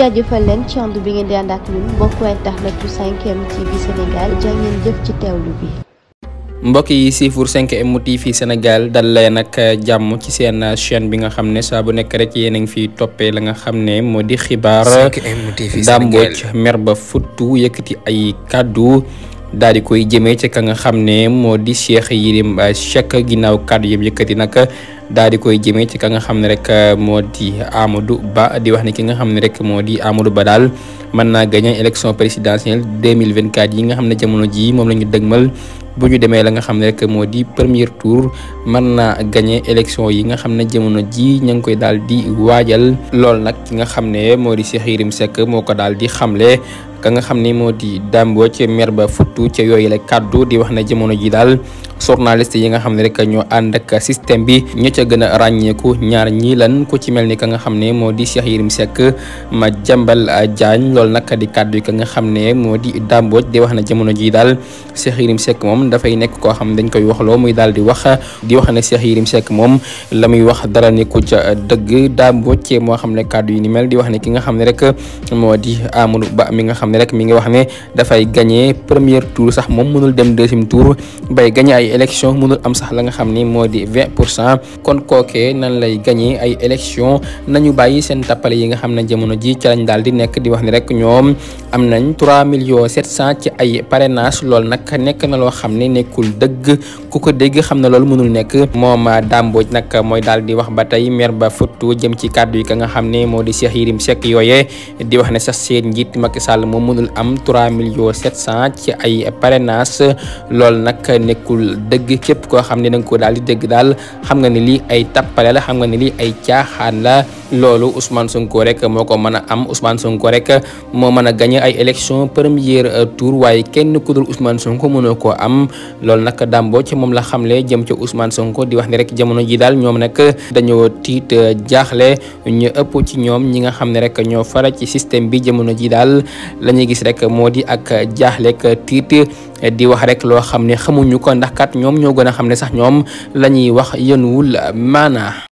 jaajëfal leen ci ànd bi ngeen di ànd ak ñun mbokku internet bu 5M TV Sénégal jaa ngeen jëf ci yi siifur 5M TV Sénégal dal nag jàmm ci seen chaîne bi nga xam ne saa bu nekk rek yéen a ngi fiy toppee la nga xam ne moo di xibaar. 5M TV Sénégal Dame ba futtu yëkkati ay kàddu. daal di koy jëmee ci ka nga xam ne moo di Cheikh Yérim Seck euh, ginnaaw kàddu yëpp yëkkati nag daal di koy jëmee ci ka nga xam ne rek euh, moo di Amadou Ba di wax ne ki nga xam ne rek moo di Amadou Ba daal mën naa gagné élection présidentielle 2024 yi nga xam ne jamono jii moom la ñu dëgmal bu ñu demee la nga xam ne rek moo di premier tour mën naa gagné élection yi nga xam ne jamono jii ña ngi koy daal di waajal lool nag ki nga xam ne moo di Cheikh Yérim Seck moo ko daal di xamle ka nga xam ne moo di dambo ci mer ba futtu ca yooyu la kàddu di wax na jamono ji daal journaliste yi nga xam ne rek ñoo ànd ak système bi ñoo ca gën a ràññeeku ñaar ñii lan ku ci mel ni ka nga xam ne moo di Cheikh Yérim Seck ma jàmbal Diagne loolu nag di kàddu ka nga xam ne moo di dàmbooj di wax na jamono ji daal Cheikh Yérim Seck moom dafay nekk koo xam dañ koy waxloo muy daal di wax di wax ne Cheikh Yérim Seck moom la wax dara ni ku dëgg dàmbooj cee moo xam ne kàddu yi ni mel di wax ne ki nga xam ne rek moo di Amadou Ba mi nga xam ne mi ngi wax ne dafay gagné premier tour sax moom mënul dem deuxième tour bay gagné ay élection mënul am sax la nga xam ni moo di vingt pour cent kon kookee nan lay gagné ay élection nañu bàyyi seen tappale yi nga xam ne jamono ji ca lañ daal di nekk di wax ni rek ñoom am nañ trois millions sept cent ci ay parrainage loolu nag nekk na loo xam ne nekkul dëgg ku ko dégg xam na loolu mënul nekk moom dàmbooj nag mooy daal di wax ba tey mer ba futtu jëm ci kàddu yi ka nga xam ne moo di Cheikh Yérim Seck yooyee di wax ne sax seen njiit Macky Sall moom mënul am 3 millions 700 ci ay parrainage loolu nag nekkul dégg képp koo xam ne da ko daal di dégg daal xam nga ne lii ay tappale la xam nga ne lii ay caaxaan la loolu Ousmane Sonko rek moo ko mën a am Ousmane Sonko rek moo mën a gañe ay élection premier euh, tour waaye kenn ku dul Sonko mënoo ko am loolu nag dàmboo ci moom la xamle jëm ci Ousmane Sonko di wax ni rek jamono ji daal ñoom nag dañoo tiit euh, jaaxle ñu ëpp ci ñoom ñi nga xam ne rek ñoo fara ci système bi jamono ji daal la ñuy gis rek moo di ak jaaxlek tiit di wax rek loo xam ne xamuñu ko ndax kat ñoom ñoo gën a xam ne sax ñoom la ñuy wax yënuwul maanaa